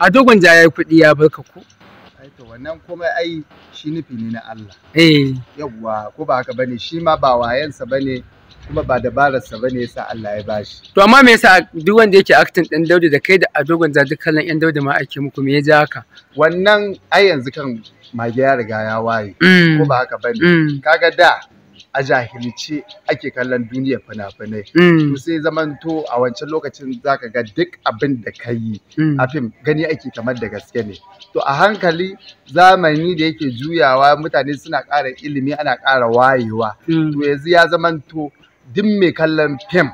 a dogon ya yi kuɗi ya barka ku. ai to wannan kuma ai shi nufi ne na Allah eh yawwa ko ba haka bane shi ma ba wayansa bane kuma ba dabararsa bane yasa Allah ya bashi to amma me yasa duk wanda yake acting din Daudu da kai da a dogon ja duk kallon yan Daudu ma ake muku me ya ji haka wannan ai yanzu kan mage ya riga ya waye mm. ko ba haka bane mm. kaga da a jahilce ake kallon duniya fina-finai. Mm. To sai zamanto a wancan lokacin za ka ga duk abin da ka yi mm. a fim gani ake kamar da gaske ne. To a hankali zamani da yake juyawa mutane suna ƙara ilimi ana ƙara wayewa. Mm. To yanzu ya zamanto duk mai kallon fim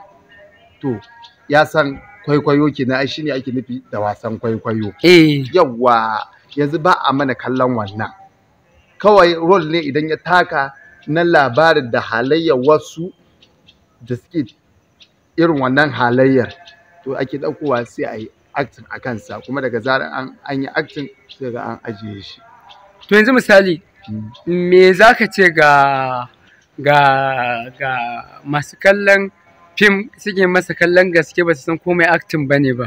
to ya san kwaikwayo ke na shi ne ake nufi da wasan kwaikwayo. Eh. Yawwa yanzu ba a mana kallon wannan. Kawai rol ne idan ya taka na labarin da halayyar wasu da suke irin wannan halayyar to ake ɗaukowa sai a yi acting a kansa kuma daga zarar an yi acting sai ga an ajiye shi to yanzu misali hmm. me za ka ce ga ga ga masu kallon fim suke masa kallon gaske ba su san komai acting bane ba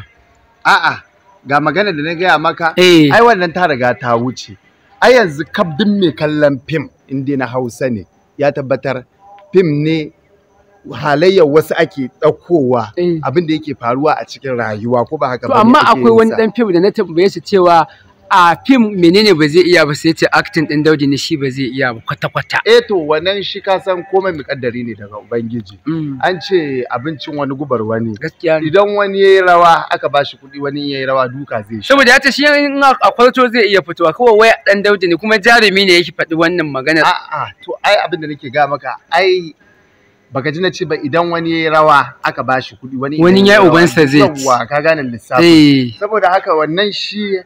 a'a ga magana da na gaya maka eh. ai wannan ta riga ta wuce ai yanzu kabdin mai kallon fim inda na hausa ne ya tabbatar fim ne halayya wasu ake ɗaukowa eh. abin da yake faruwa a cikin rayuwa ko ba haka ba ne ake to amma akwai wani dan fim da na tambaye shi cewa a fim menene ba zai iya ba sai ce acting din Daudi ne shi ba zai iya ba kwata kwata eh to wannan shi ka san komai mukaddari ne daga ubangiji mm. an ce abincin wani gubar wani gaskiya idan wani yayi rawa aka bashi kuɗi wani yayi rawa duka zai shi saboda ya ce shi in a kwalto zai iya fitowa kawai wai dan Daudi ne kuma jarumi ne yake faɗi wannan magana a'a to ai abin da nake ga maka ai baka ji na ce ba idan wani ya yi rawa aka ba shi kuɗi wani wani yayi ubansa zai yawa ka gane lissafi eh. saboda haka wannan shi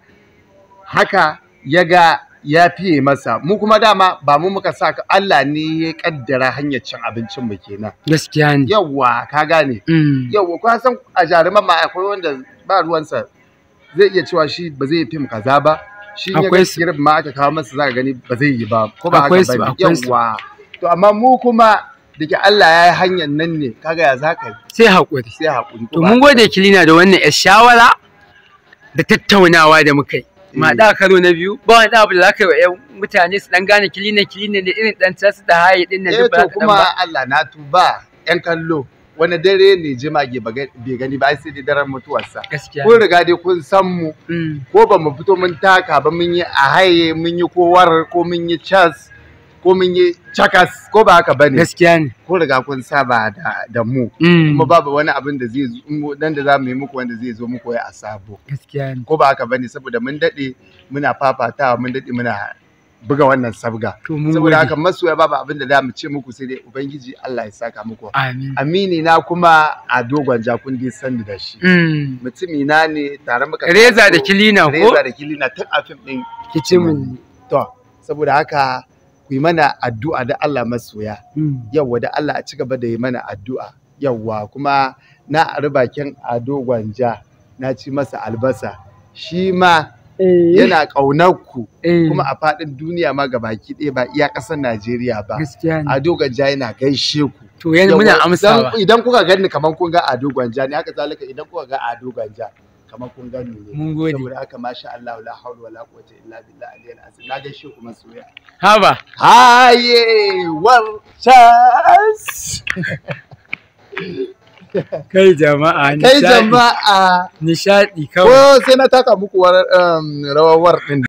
haka ya ga ya fiye masa mu kuma dama ba mu muka sa ka Allah ne ya kaddara hanyar cin abincin mu kenan gaskiya ne yawa ka gane mm. yawa ka san a jaruman ma akwai wanda ba ruwansa zai iya cewa shi ba zai fim kaza ba shi ya ga sirrin ma aka kawo masa zaka gani ba zai yi ba ko ba akwai ba yawa to amma mu kuma dake Allah ya yi hanyar nan ne kaga ya zaka yi sai hakuri sai hakuri to mun gode kilina da wannan shawara da tattaunawa da muka yi ma da karo na biyu ba wani abu da zaka yi wa yan mutane su dan gane kiline kilina ne irin dan tasu da haye din na eh ba to kuma Allah na tuba yan kallo wani dare ne jimage bai gani ba sai dai daren mutuwarsa kun riga dai kun san mu mm. ko ba mu fito mun taka ba mun yi a haye mun yi kowar ko mun yi chance ko mun yi cakas ko ba haka bane gaskiya ne ko riga kun saba da da mu mm. kuma babu wani abin da zai zo dan da zamu yi muku wanda zai zo muku ya asabo gaskiya ne ko ba haka bane saboda mun dade muna fafatawa mun dade muna buga wannan sabga saboda haka masoya babu abin da zamu ce muku sai dai ubangiji Allah ya saka muku amin amini na kuma a dogon jakun dai sani da shi mm. mutumi na ne tare muka reza da kilina ko reza da kilina tun a fim din mun to saboda haka ku yi mana addu'a da Allah masoya mm. yawwa da Allah a ci gaba da yi mana addu'a yawwa kuma na ari bakin ado gwanja na ci masa albasa shi ma eh. yana ƙaunarku ku eh. kuma a faɗin duniya ma baki ɗaya ba iya ƙasar Najeriya ba ado gwanja yana gaishe ku to yanzu muna amsawa idan kuka gani kaman kun ga ado gwanja ne haka zalika idan kuka ga ado gwanja kamar kun gani ne mun gode saboda haka masha Allah la haula wala quwwata illa billah aliyyal azim na gaishe soyayya ha ba haye war chas kai jama'a kai jama'a nishadi kawai ko sai na taka muku um, rawar din